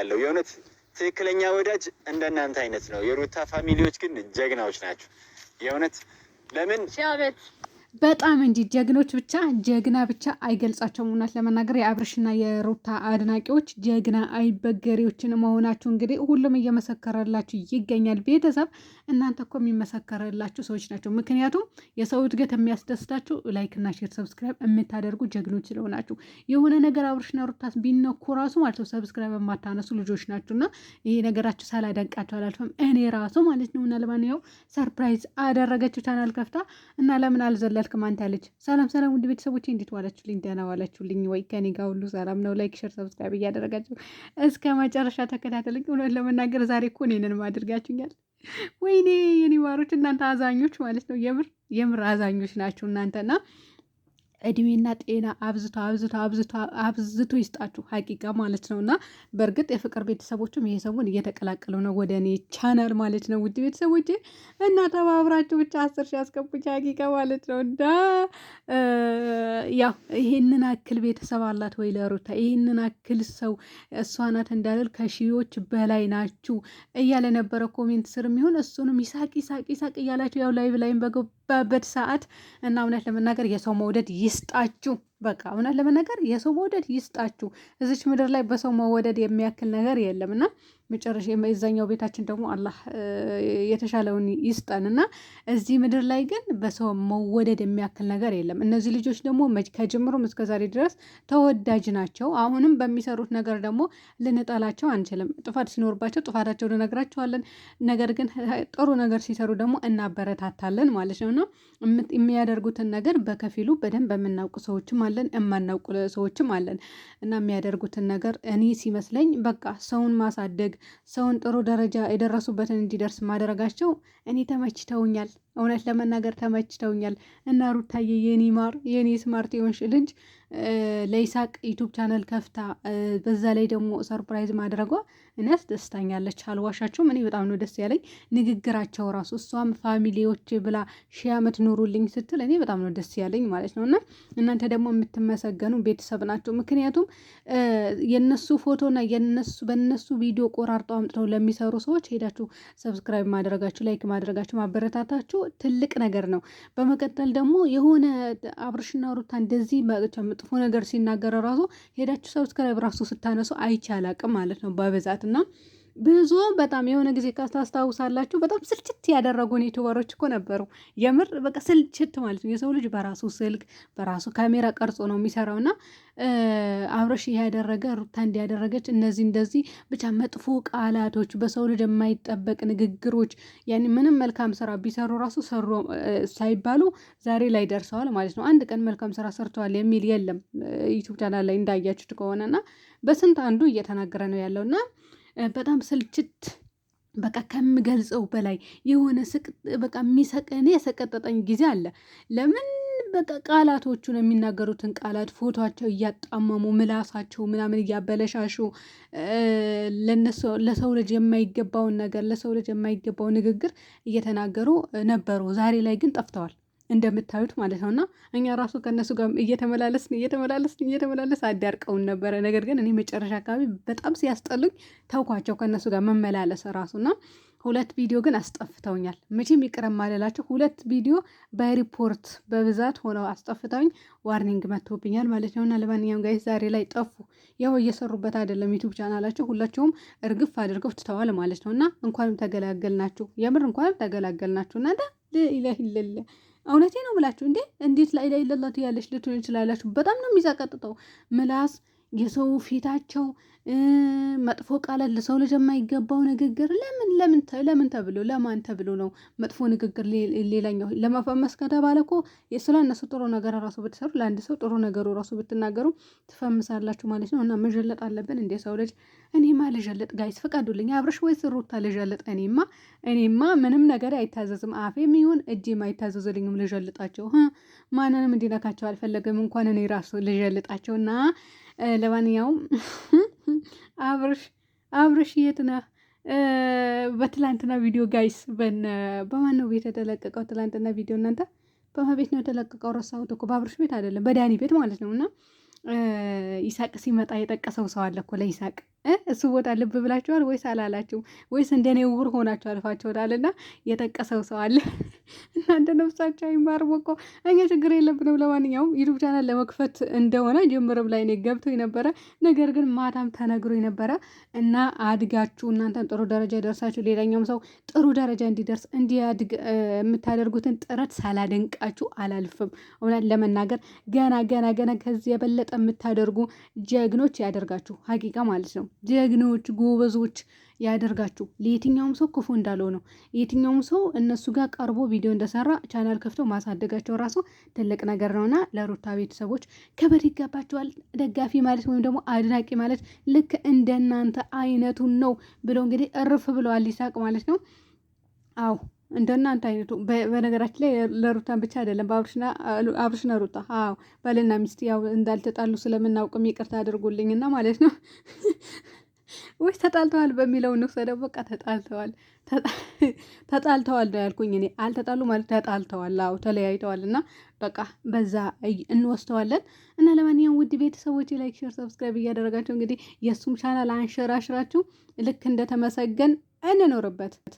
አደርጋለሁ። የእውነት ትክክለኛ ወዳጅ እንደናንተ አይነት ነው። የሩታ ፋሚሊዎች ግን ጀግናዎች ናቸው። የእውነት ለምን በጣም እንጂ ጀግኖች ብቻ ጀግና ብቻ አይገልጻቸውም። እውነት ለመናገር የአብርሽና የሩታ አድናቂዎች ጀግና አይበገሬዎችን መሆናችሁ እንግዲህ ሁሉም እየመሰከረላችሁ ይገኛል። ቤተሰብ እናንተ እኮ የሚመሰከረላችሁ ሰዎች ናቸው። ምክንያቱም የሰው እድገት የሚያስደስታችሁ ላይክና ሼር፣ ሰብስክራይብ የምታደርጉ ጀግኖች ስለሆናችሁ የሆነ ነገር አብርሽና ሩታ ቢነኩ ራሱ ማለት ነው ሰብስክራይብ የማታነሱ ልጆች ናችሁና ይሄ ነገራችሁ ሳላደንቃቸው አላልፈም። እኔ ራሱ ማለት ነው እና ለማንኛውም ሰርፕራይዝ አደረገችው ቻናል ከፍታ እና ለምን አልዘለ እያልክ ማንታ ሰላም ሰላም፣ ውድ ቤተሰቦች እንዴት ዋላችሁልኝ? ደህና ዋላችሁልኝ ወይ? ከኔ ጋር ሁሉ ሰላም ነው። ላይክ፣ ሸር፣ ሰብስክራይብ እያደረጋችሁ እስከ መጨረሻ ተከታተልኝ። እውነት ለመናገር ዛሬ እኮ እኔንም አድርጋችሁኛል። ወይኔ የኔ ማሮች፣ እናንተ አዛኞች ማለት ነው። የምር የምር አዛኞች ናችሁ እናንተና እድሜና ጤና አብዝቶ አብዝቶ አብዝቶ አብዝቶ ይስጣችሁ። ሀቂቃ ማለት ነው እና በእርግጥ የፍቅር ቤተሰቦችም ይሄ ሰውን እየተቀላቀሉ ነው ወደ እኔ ቻናል ማለት ነው። ውድ ቤተሰቦቼ እና ተባብራችሁ ብቻ አስር ሺ ያስገቡች ሀቂቃ ማለት ነው እና ያው ይህንን አክል ቤተሰብ አላት ወይ ለሩታ ይህንን አክል ሰው እሷ ናት እንዳልል ከሺዎች በላይ ናችሁ እያለ ነበረ ኮሜንት ስር የሚሆን እሱንም ይሳቅ ይሳቅ ይሳቅ እያላችሁ ያው ላይቭ ላይም በገቡ በሚባበት ሰዓት እና እውነት ለመናገር የሰው መውደድ ይስጣችሁ። በቃ እውነት ለመናገር የሰው መውደድ ይስጣችሁ። እዚች ምድር ላይ በሰው መወደድ የሚያክል ነገር የለም እና መጨረሻ የዛኛው ቤታችን ደግሞ አላህ የተሻለውን ይስጠን እና እዚህ ምድር ላይ ግን በሰው መወደድ የሚያክል ነገር የለም። እነዚህ ልጆች ደግሞ ከጅምሩም እስከዛሬ ድረስ ተወዳጅ ናቸው። አሁንም በሚሰሩት ነገር ደግሞ ልንጠላቸው አንችልም። ጥፋት ሲኖርባቸው ጥፋታቸው ልነግራቸዋለን። ነገር ግን ጥሩ ነገር ሲሰሩ ደግሞ እናበረታታለን ማለት ነው እና የሚያደርጉትን ነገር በከፊሉ በደንብ የምናውቁ ሰዎችም አለን፣ የማናውቁ ሰዎችም አለን እና የሚያደርጉትን ነገር እኔ ሲመስለኝ በቃ ሰውን ማሳደግ ሰውን ጥሩ ደረጃ የደረሱበትን እንዲደርስ ማድረጋቸው እኔ ተመችተውኛል። እውነት ለመናገር ተመችተውኛል። እና ሩታዬ የኔ ማር የኔ ስማርት የሆንሽ ልጅ ለይሳቅ ዩቱብ ቻነል ከፍታ በዛ ላይ ደግሞ ሰርፕራይዝ ማድረጓ እኔ አስደስታኛለች። አልዋሻችሁም፣ እኔ በጣም ነው ደስ ያለኝ ንግግራቸው ራሱ። እሷም ፋሚሊዎች ብላ ሺህ ዓመት ኑሩልኝ ስትል እኔ በጣም ነው ደስ ያለኝ ማለት ነው። እና እናንተ ደግሞ የምትመሰገኑ ቤተሰብ ናቸው። ምክንያቱም የነሱ ፎቶና የነሱ በነሱ ቪዲዮ ቆራርጠው አምጥተው ለሚሰሩ ሰዎች ሄዳችሁ ሰብስክራይብ ማድረጋችሁ፣ ላይክ ማድረጋችሁ፣ ማበረታታችሁ ትልቅ ነገር ነው። በመቀጠል ደግሞ የሆነ አብርሽና ሩታ እንደዚህ መጥፎ ነገር ሲናገረ ራሱ ሄዳችሁ ሰብስክራይብ ራሱ ስታነሱ አይቻላቅም ማለት ነው በብዛት እና ብዙ በጣም የሆነ ጊዜ ካስታስታውሳላችሁ በጣም ስልችት ያደረጉን ዩቱበሮች እኮ ነበሩ። የምር በቃ ስልችት ማለት ነው። የሰው ልጅ በራሱ ስልክ በራሱ ካሜራ ቀርጾ ነው የሚሰራው እና አብረሽ ያደረገ ሩታ እንዲያደረገች እነዚህ እንደዚህ ብቻ መጥፎ ቃላቶች፣ በሰው ልጅ የማይጠበቅ ንግግሮች ያኔ ምንም መልካም ስራ ቢሰሩ ራሱ ሰሩ ሳይባሉ ዛሬ ላይ ደርሰዋል ማለት ነው። አንድ ቀን መልካም ስራ ሰርተዋል የሚል የለም ዩቱብ ቻናል ላይ እንዳያችሁት ከሆነና በስንት አንዱ እየተናገረ ነው ያለውና በጣም ስልችት በቃ ከምገልጸው በላይ የሆነ በቃ እኔ የሰቀጠጠኝ ጊዜ አለ። ለምን በቃ ቃላቶቹን የሚናገሩትን ቃላት ፎቶቸው እያጣመሙ ምላሳቸው ምናምን እያበለሻሹ ለሰው ልጅ የማይገባውን ነገር ለሰው ልጅ የማይገባው ንግግር እየተናገሩ ነበሩ። ዛሬ ላይ ግን ጠፍተዋል። እንደምታዩት ማለት ነው እና እኛ ራሱ ከእነሱ ጋር እየተመላለስን እየተመላለስን እየተመላለስ አዳርቀውን ነበረ። ነገር ግን እኔ መጨረሻ አካባቢ በጣም ሲያስጠሉኝ ተውኳቸው ከእነሱ ጋር መመላለስ ራሱ እና ሁለት ቪዲዮ ግን አስጠፍተውኛል። መቼም ይቅረም የማልላቸው ሁለት ቪዲዮ በሪፖርት በብዛት ሆነው አስጠፍተውኝ ዋርኒንግ መጥቶብኛል ማለት ነው እና ለማንኛውም ጋይ ዛሬ ላይ ጠፉ። ያው እየሰሩበት አይደለም ዩቱብ ቻናላቸው ሁላቸውም እርግፍ አድርገው ትተዋል ማለት ነው እና እንኳንም ተገላገልናችሁ፣ የምር እንኳንም ተገላገልናችሁ እናንተ እውነቴ ነው ምላችሁ እንዴ! እንዴት ላይ ላይ ኢለላህ ያለች ልትሆን ይችላላችሁ። በጣም ነው የሚዛቀጥጠው ምላስ የሰው ፊታቸው መጥፎ ቃላት ለሰው ልጅ የማይገባው ንግግር ለምን ለምን ለምን ተብሎ ለማን ተብሎ ነው መጥፎ ንግግር ሌላኛው ለመፈመስ ከተባለ እኮ የስለ እነሱ ጥሩ ነገር ራሱ ብትሰሩ ለአንድ ሰው ጥሩ ነገሩ ራሱ ብትናገሩ ትፈምሳላችሁ ማለት ነው። እና መጀለጥ አለብን እንደ ሰው ልጅ። እኔማ ልዠለጥ ጋይስ ፍቀዱልኝ። አብርሽ ወይስ ሩታ ልዠለጥ? እኔማ እኔማ ምንም ነገር አይታዘዝም አፌም ይሁን እጄም አይታዘዝልኝም። ልዠልጣቸው ማንንም እንዲነካቸው አልፈለግም። እንኳን እኔ ራሱ ልዠልጣቸውና ለማንኛውም አብርሽ አብርሽ የት ነህ? በትላንትና ቪዲዮ ጋይስ በማን ነው ቤት የተለቀቀው? ትላንትና ቪዲዮ እናንተ በማቤት ነው የተለቀቀው? ረሳሁት እኮ በአብርሽ ቤት አይደለም፣ በዳኒ ቤት ማለት ነው። እና ይሳቅ ሲመጣ የጠቀሰው ሰው አለ እኮ ለይሳቅ እሱ ቦታ ልብ ብላችኋል ወይስ አላላችሁ? ወይስ እንደኔ ውር ሆናችሁ አልፋችኋልና የጠቀሰው ሰው አለ። እናንተ ነፍሳቸው አይማር ሞቆ እኛ ችግር የለብንም። ለማንኛውም ዩቱብ ቻናል ለመክፈት እንደሆነ ጀምርም ላይ እኔ ገብቶኝ ነበረ። ነገር ግን ማታም ተነግሮ ነበረ እና አድጋችሁ እናንተን ጥሩ ደረጃ ደርሳችሁ ሌላኛውም ሰው ጥሩ ደረጃ እንዲደርስ እንዲያድግ የምታደርጉትን ጥረት ሳላደንቃችሁ አላልፍም። እውነት ለመናገር ገና ገና ገና ከዚህ የበለጠ የምታደርጉ ጀግኖች ያደርጋችሁ ሀቂቃ ማለት ነው። ጀግኖች ጎበዞች ያደርጋችሁ። ለየትኛውም ሰው ክፉ ነው የትኛውም ሰው እነሱ ጋር ቀርቦ ቪዲዮ እንደሰራ ቻናል ከፍቶ ማሳደጋቸው ራሱ ትልቅ ነገር ነውና ለሩታ ቤተሰቦች ክብር ይገባቸዋል። ደጋፊ ማለት ወይም ደግሞ አድናቂ ማለት ልክ እንደናንተ አይነቱን ነው ብለው እንግዲህ እርፍ ብለዋል ይሳቅ ማለት ነው። አዎ እንደናንተ አይነቱ በነገራችን ላይ ለሩታን ብቻ አይደለም፣ በአብርሽና ሩታ አዎ፣ ባልና ሚስት ያው እንዳልተጣሉ ስለምናውቅም ይቅርታ አድርጉልኝና ማለት ነው። ወይ ተጣልተዋል በሚለው እንውሰደው። በቃ ተጣልተዋል፣ ተጣልተዋል ነው ያልኩኝ እኔ። አልተጣሉ ማለት ተጣልተዋል፣ አዎ ተለያይተዋል። እና በቃ በዛ እንወስተዋለን። እና ለማንኛውም ውድ ቤተሰቦች ላይክ፣ ሼር፣ ሰብስክራይብ እያደረጋቸው እንግዲህ የእሱም ቻናል አንሸራሽራችሁ ልክ እንደተመሰገን እንኖርበት።